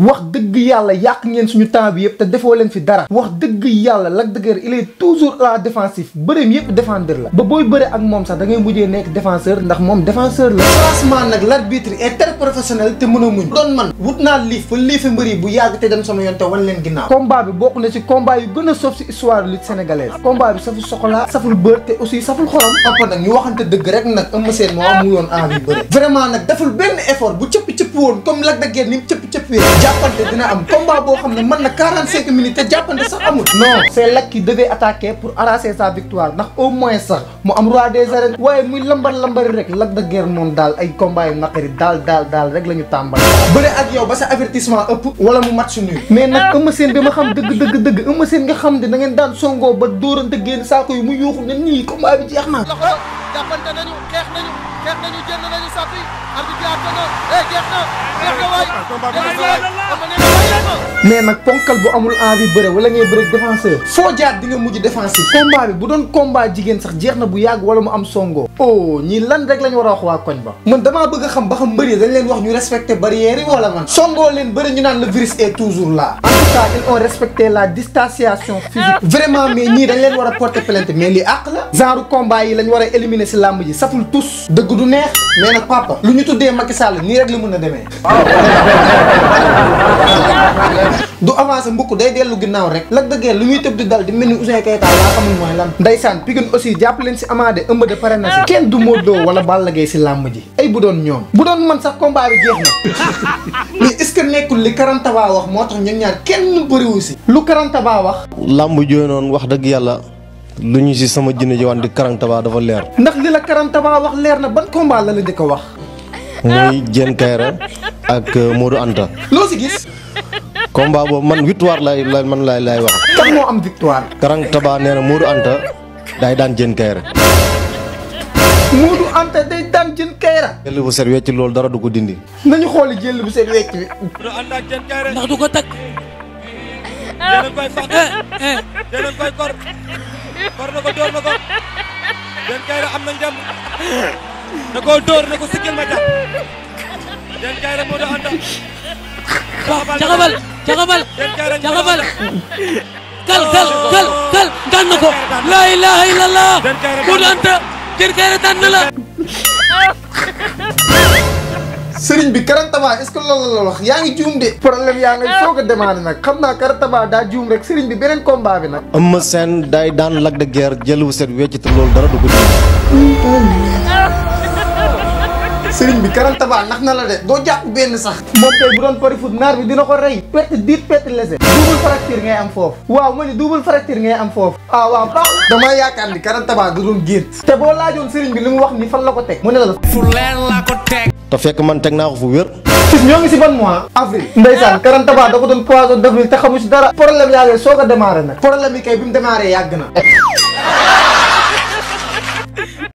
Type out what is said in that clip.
wax dëgg yàlla yàq ngeen suñu temps bi yëpp te defoo leen fi dara wax dëgg yàlla Lac de Guiers il est toujours à la défensive bëreem yëpp défendre la ba booy bëre ak moom sax dangay ngay mujjee nekk défenseur ndax moom défenseur la franchement nag l'arbitre est très professionnel te mën a muñ doon man wut naa liif fa liifi mbër yi bu yàgg te dem sama yoon te wan leen ginnaaw combat bi bokk na ci combat yu gën a soof ci histoire lutte sénégalaise combat bi saful soxla te aussi saful xorom papa nag ñu waxante dëgg rek nag Eumeu Sène moo amuloon nag deful benn effort bu cëpp cëpp woon comme Lac de Guiers ni cëpp cëpp jàppante dina am combat boo xam ne na 45 minutes te jàppante sax amul. non c'est Lac qui devait attaquer pour arracher sa victoire ndax au moins sax mu am roi des arènes muy lambar rek Lac de Guiers ay combat yu naqari dal dal dal, rek la ñu tàmbali. ak yow ba sa avertissement ëpp wala mu match nul. mais nag Eumeu Sène bi xam dëgg dëgg dëgg Eumeu nga xam da ngeen daan ba mu combat bi nañu nañu jënd nañu. mais nag ponkal bu amul envie bëre wala ngay bëre défenseur foo jaar di nga mujj défensif combat bi bu doon combat jigéen sax jeex na bu yàgg wala mu am songoo oh ñii lan rek lañ war a wax waa koñ ba man damaa bëgg xam ba xam mbëri dañ leen wax ñu respecté barrières yi wala man songoo leen bëri ñu naan le virus est toujours là ça ils ont respecté la distanciation physique vraiment mais ni dañ leen war porter plainte mais les àq la genre combat ils lañ war éliminer si làmb ji fout tous De du neex mais nag papa lu ñu tuddee Macky Sall nii rek la mën a du avancé mbuk day delu ginnaw rek lak deugé lu muy tëb di dal di melni usain kayta la laa xamul moy lan ndaysan Pikine aussi japp leen si amade, eumbe de pare na ah. kenn du Modou wala bal lagay si lamb ji ay bu doon budon bu doon man sax combat bi jeex na ni est-ce que nekkul li ba wax motax tax ñoom ñaar kenn bëriwu wusi lu ba wax lamb joonon wax deug yalla lu ñu si sama jënd ji di ba dafa leer ndax li la ba wax leer na ban combat la la jëkk wax moy Diène ak eh, Modou Anta lo ci gis combat bo man victoire lay lay man lay lay wax. tam kan mo am victoire. Karang Taba neena Modou Anta day dan jën kayra. Modou Anta day dan jën kayra. jeul bu set wetch lol dara du ko dindi. nañu xoli jeul bu set wecc bi. ndax du ko takk. jërëjëf koy fàq. Eh, eh. jërëjëf koy kor. kor na ko dóor na ko. jën kayra am na njam. na koo dóor na ko siggil ma jàpp. jën Modou Anta. caxabal caxabal kal kal oh. kal kal daan na ko laa ilaha illallah Modou Anta Diène Kaïré daan na la sëriñ bi karantaba est-ce que loolu la wax yaa ngi juum de problème yaa ngay soog a démarré nag xam naa karantaba daa juum rek sëriñ bi beneen combat bi nag Eumeu Sène day daan Lac de Guiers jël wu set wecc te loolu dara du ko sëriñ bi karan taba nax na la de doo jàpp benn sax moom tey bu doon pari foot naar bi dina ko rey perte diit lese double fracture ngay am foof waaw ma ni double fracture am foofu ah waaw baax dama yaakaar ni karan taba da doon gént te boo laajoon sëriñ bi li mu wax ni fan la ko teg mu ne la fu leer teg te fekk man teg naa ko fu wér sis ñoo ngi si ban mois avril ndeysaan karan taba da ko doon poison te xamu si dara problème yaa ngi soog a démarré nag problème yi kay